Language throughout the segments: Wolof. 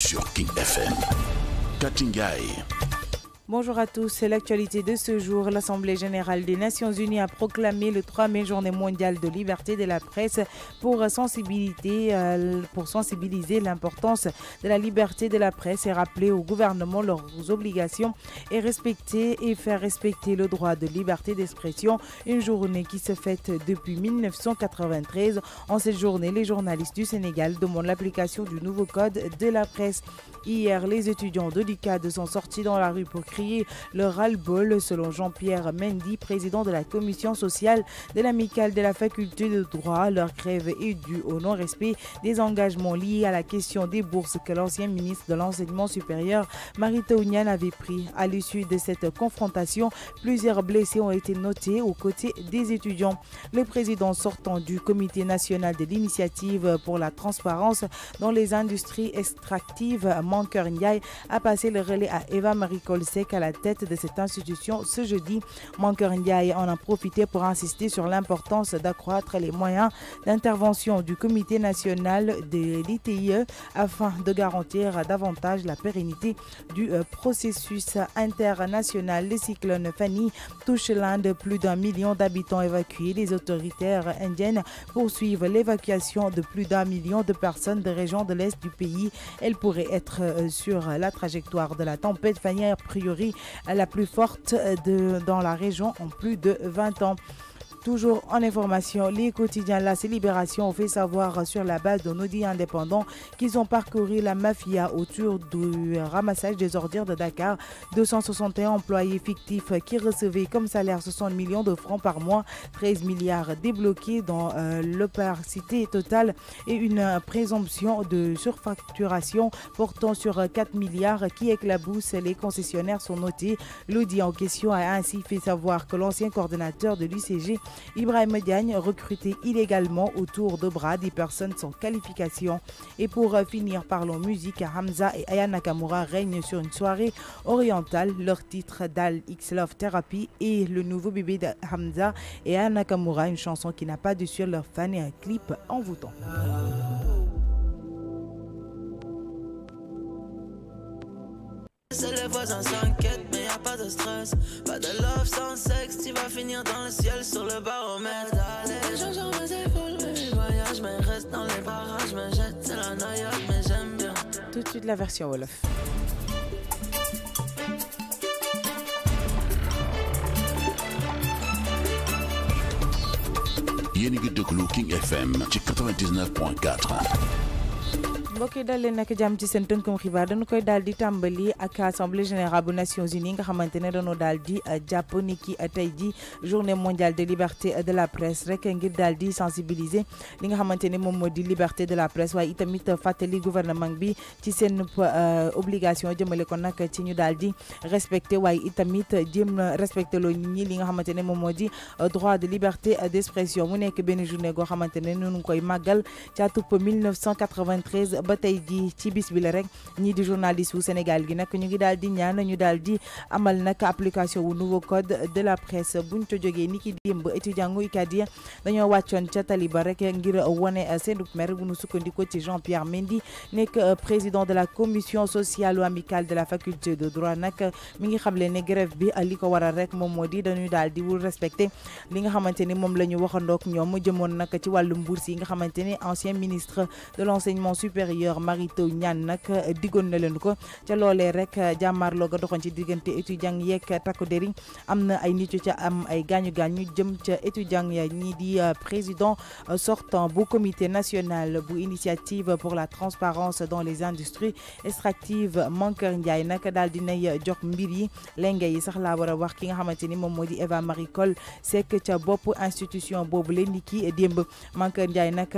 Shocking FM. Catching eye. Bonjour à tous, c'est l'actualité de ce jour. L'Assemblée générale des Nations Unies a proclamé le 3 mai Journée mondiale de liberté de la presse pour, sensibiliser, euh, pour sensibiliser l'importance de la liberté de la presse et rappeler au gouvernement leurs obligations et respecter et faire respecter le droit de liberté d'expression. Une journée qui se fête depuis 1993. En cette journée, les journalistes du Sénégal demandent l'application du nouveau code de la presse. Hier, les étudiants de l'ICAD sont sortis dans la rue pour leur le ras bol selon Jean-Pierre Mendy, président de la commission sociale de l'amicale de la faculté de droit. Leur grève est due au non-respect des engagements liés à la question des bourses que l'ancien ministre de l'enseignement supérieur, Marie avait pris. À l'issue de cette confrontation, plusieurs blessés ont été notés aux côtés des étudiants. Le président sortant du comité national de l'initiative pour la transparence dans les industries extractives, Manker Ndiaye, a passé le relais à Eva Marie Kolsek, à la tête de cette institution ce jeudi. Manker Ndiaye en a profité pour insister sur l'importance d'accroître les moyens d'intervention du Comité national de l'ITIE afin de garantir davantage la pérennité du euh, processus international. Le cyclone Fanny touche l'Inde, plus d'un million d'habitants évacués. Les autorités indiennes poursuivent l'évacuation de plus d'un million de personnes des régions de l'Est du pays. Elles pourraient être euh, sur la trajectoire de la tempête Fanny, priori la plus forte de, dans la région en plus de 20 ans. Toujours en information, les quotidiens La célibération ont fait savoir sur la base d'un audit indépendant qu'ils ont parcouru la mafia autour du ramassage des ordures de Dakar. 261 employés fictifs qui recevaient comme salaire 60 millions de francs par mois, 13 milliards débloqués dans euh, l'opacité totale et une présomption de surfacturation portant sur 4 milliards qui éclaboussent les concessionnaires sont notés. L'audit en question a ainsi fait savoir que l'ancien coordinateur de l'UCG Ibrahim Diagne, recruté illégalement autour de bras des personnes sans qualification. Et pour euh, finir, parlons musique. Hamza et Aya Nakamura règnent sur une soirée orientale. Leur titre Dal X Love Therapy et le nouveau bébé de Hamza et Aya Nakamura, une chanson qui n'a pas de sur leur fan et un clip envoûtant. C'est finir dans le ciel sur le baromètre. Allez, je mes épaules, mes voyages, mais reste dans les barrages, me jette, c'est la noyade, mais j'aime bien. Tout de suite la version Wolof. yéen de King FM 99.4 mbokk yi dal leen jàmm ci seen tënkum xibaar dañu koy daal di tàmbali ak assemblée générale bu nations unies nga xamante ne dañoo daal di euh, jàpp ni ki euh, tey ji journée mondiale de liberté euh, de la presse rek ngir daal di sensibiliser li nga xamante ne moom moo di liberté de la presse waaye itamit fàttali gouvernement bi ci seen obligation jëmale ko nag ci ñu daal di respecté waaye itamit jéem respecté loo nit ñi li nga xamante ne moom moo di droit de liberté d'expression mu nekk benn journée goo xamante ne noonu koy màggal ca tupp 1993 ba tey ji ci bis bi la rek ñii di journaliste wu Sénégal gi nag ñu ngi daal di ñaan ñu daal di amal nag application wu nouveau code de la presse buñ ko jógee ni ki démb étudiant ngu UCAD yi dañoo wàccoon ca taliba rek ngir wane seen mer bu nu sukkandikoo ci Jean Pierre Mendy nekk président de la commission sociale amicale de la faculté de droit nak mi ngi xamle ne grève bi li ko waral rek moom moo di dañuy daal di wul respecté li nga xamante ni moom la ñu waxandook ñoom jëmoon nag ci wàllum bourse yi nga xamante ni ancien ministre de l'enseignement supérieur d'ailleurs Mary Teuw Niane nuko. Eh, diggoon na len ko eh, ci lolé rek lo ga doxon ci étudiant yek takoderi amna am na ay nit ci am ay gañu gañu jëm ci étudiant ya ni di eh, président sortant bu comité national bu initiative pour la transparence dans les industries extractives Mankeur Ndiaye nag daal dinay jox mbir yi lenge yi sax la wara wax ki nga mom modi Eva Maricole c'est que ca institution bobu leen ni kii démb Mankeur Ndiaye nag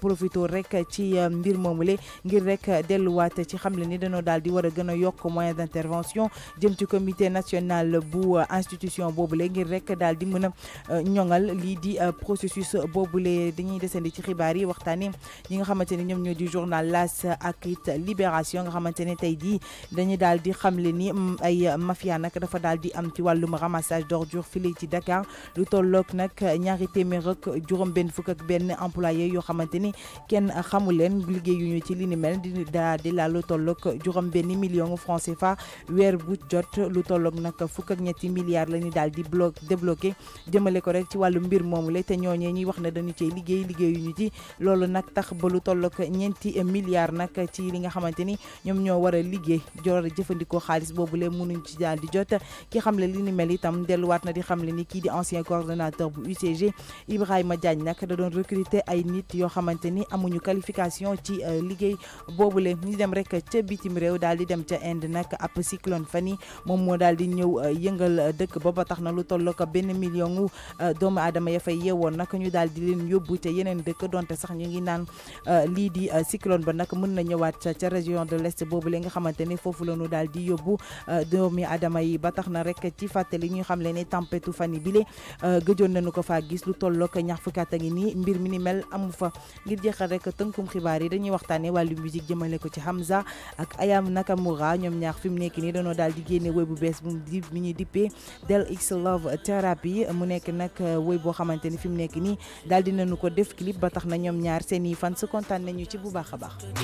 profito rek ci mbir moomule ngir rek delluwaat ci xamle ni dañoo daal di war a gën a moyen d' intervention jëm comité national bu institution boobule ngir rek daal di mën a euh, di euh, processus boobule dañuy desandi ci xibaar yi waxtaani ñi nga xamante ni ñoo di journal L'As ak Libération nga xamante ne tey jii dañuy daal di mm, ay mafia nag dafa daal di am ci wàllum ramassage d'ordures file ci Dakar lu tolloog nag ñaari téeméer ak juróom benn fukk ak benn employé yoo xamante ni kenn xamu leen yu ñu ci li ni mel di daa di la lu tolloog juróom benn million franc CFA weer bu jot lu tolloog nag fukk ak ñetti milliards la ñu dal di blo débloqué jëmele ko rek ci wàllu mbir moomu la te ñooñee ñuy wax ne dañu cee liggéey liggéey yu ñu ci loolu nak tax ba lu tolloog ñeenti milliards nak ci li nga xamante ni ñoom ñoo war a liggéey jor jëfandikoo xaalis boobu le mënuñ ci dal di jot ki xamle li ni mel itam delluwaat na di xamle ni kii di ancien coordonnateur bu UCG Ibrahima Diagne nak da doon recruter ay nit yoo xamante ni amuñu qualification ci Euh, liggéey boobule ñu dem rek ca bitim réew daal di dem ca Inde nag ab cyclone fan yi moom moo daal di ñëw euh, yëngal dëkk ba ba tax na lu tolloo ko benn million euh, doomu aadama ya fay yeewoon nag ñu daal di yóbbu ca yeneen dëkk donte sax ñu ngi naan lii di cyclone ba nag mën na ñëwaat ca région de l'Est boobule nga xamante ne foofu la daal di yóbbu doomi adama yi ba tax na rek ci fàttali ñu xam le ne tempête fan yi bile na nañu ko fa gis lu tolloo ko ñax fukkaat a ngi nii mbir mi ni mel amu fa ngir jeexal rek tënkum xibaar yi ñuy waxtaane wàllu musique jëmale ko ci Hamza ak Ayam Nakamura ñoom ñaar fi mu nekk nii dañoo daal di génne woy bu bees bu mu ñuy dippee Del X Love Therapy mu nekk nag euh, woy boo xamante ni fi mu nekk nii daal di nañu ko def clip ba tax na ñoom ñaar seen i fan su kontaan nañu ci bu baax a baax